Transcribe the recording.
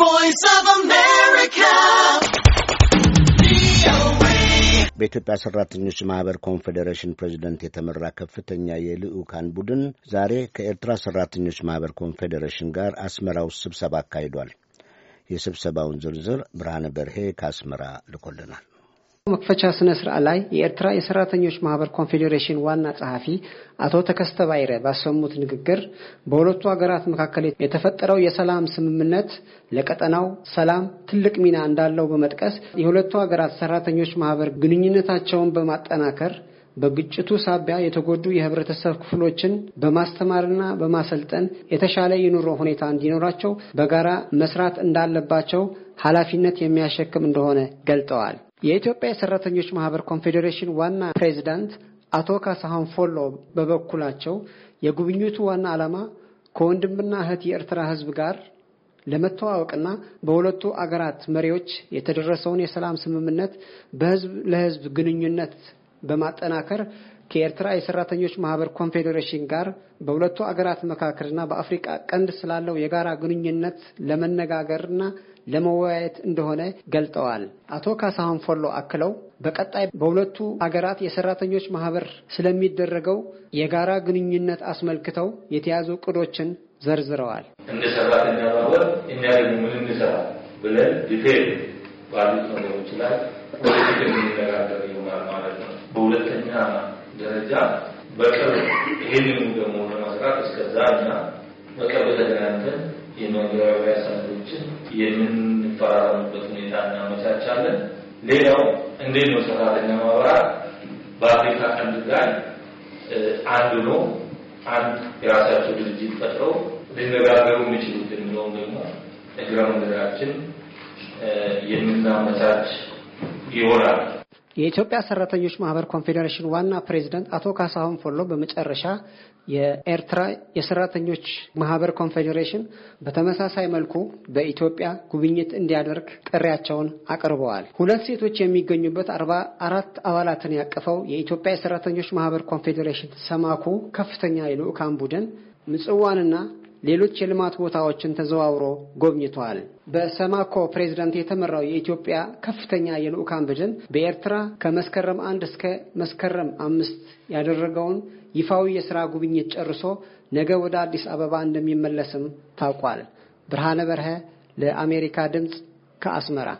voice of America. በኢትዮጵያ ሰራተኞች ማህበር ኮንፌዴሬሽን ፕሬዚደንት የተመራ ከፍተኛ የልዑካን ቡድን ዛሬ ከኤርትራ ሰራተኞች ማህበር ኮንፌዴሬሽን ጋር አስመራ ውስጥ ስብሰባ አካሂዷል። የስብሰባውን ዝርዝር ብርሃነ በርሄ ከአስመራ ልኮልናል። መክፈቻ ስነ ስርዓት ላይ የኤርትራ የሰራተኞች ማህበር ኮንፌዴሬሽን ዋና ጸሐፊ አቶ ተከስተ ባይረ ባሰሙት ንግግር በሁለቱ ሀገራት መካከል የተፈጠረው የሰላም ስምምነት ለቀጠናው ሰላም ትልቅ ሚና እንዳለው በመጥቀስ የሁለቱ ሀገራት ሰራተኞች ማህበር ግንኙነታቸውን በማጠናከር በግጭቱ ሳቢያ የተጎዱ የህብረተሰብ ክፍሎችን በማስተማርና በማሰልጠን የተሻለ የኑሮ ሁኔታ እንዲኖራቸው በጋራ መስራት እንዳለባቸው ኃላፊነት የሚያሸክም እንደሆነ ገልጠዋል። የኢትዮጵያ የሰራተኞች ማህበር ኮንፌዴሬሽን ዋና ፕሬዚዳንት አቶ ካሳሁን ፎሎ በበኩላቸው የጉብኝቱ ዋና ዓላማ ከወንድምና እህት የኤርትራ ህዝብ ጋር ለመተዋወቅና በሁለቱ አገራት መሪዎች የተደረሰውን የሰላም ስምምነት በህዝብ ለህዝብ ግንኙነት በማጠናከር ከኤርትራ የሰራተኞች ማህበር ኮንፌዴሬሽን ጋር በሁለቱ አገራት መካከልና በአፍሪቃ ቀንድ ስላለው የጋራ ግንኙነት ለመነጋገርና ለመወያየት እንደሆነ ገልጠዋል። አቶ ካሳሁን ፎሎ አክለው በቀጣይ በሁለቱ አገራት የሰራተኞች ማህበር ስለሚደረገው የጋራ ግንኙነት አስመልክተው የተያዙ እቅዶችን ዘርዝረዋል። እንደ ሰራተኛ ማህበር እኛ ምን እንሰራ ብለን ዲፌል ባሉት ነገሮች ላይ ደረጃ በቅርብ ይህንኑ ደግሞ ለመስራት እስከዛ እና በቅርብ ተገናኝተን የመግባቢያ ሰነዶችን የምንፈራረምበት ሁኔታ እናመቻቻለን። ሌላው እንዴት ነው ሰራተኛ ማህበራት በአፍሪካ ቀንድ ጋር አንድ ነው አንድ የራሳቸው ድርጅት ፈጥረው ሊነጋገሩ የሚችሉት የሚለውም ደግሞ እግረ መንገዳችን የምናመቻች ይሆናል። የኢትዮጵያ ሰራተኞች ማህበር ኮንፌዴሬሽን ዋና ፕሬዚደንት አቶ ካሳሁን ፎሎ በመጨረሻ የኤርትራ የሰራተኞች ማህበር ኮንፌዴሬሽን በተመሳሳይ መልኩ በኢትዮጵያ ጉብኝት እንዲያደርግ ጥሪያቸውን አቅርበዋል። ሁለት ሴቶች የሚገኙበት አርባ አራት አባላትን ያቀፈው የኢትዮጵያ የሰራተኞች ማህበር ኮንፌዴሬሽን ሰማኩ ከፍተኛ የልዑካን ቡድን ምጽዋንና ሌሎች የልማት ቦታዎችን ተዘዋውሮ ጎብኝተዋል። በሰማኮ ፕሬዝዳንት የተመራው የኢትዮጵያ ከፍተኛ የልዑካን ቡድን በኤርትራ ከመስከረም አንድ እስከ መስከረም አምስት ያደረገውን ይፋዊ የስራ ጉብኝት ጨርሶ ነገ ወደ አዲስ አበባ እንደሚመለስም ታውቋል። ብርሃነ በርሀ ለአሜሪካ ድምፅ ከአስመራ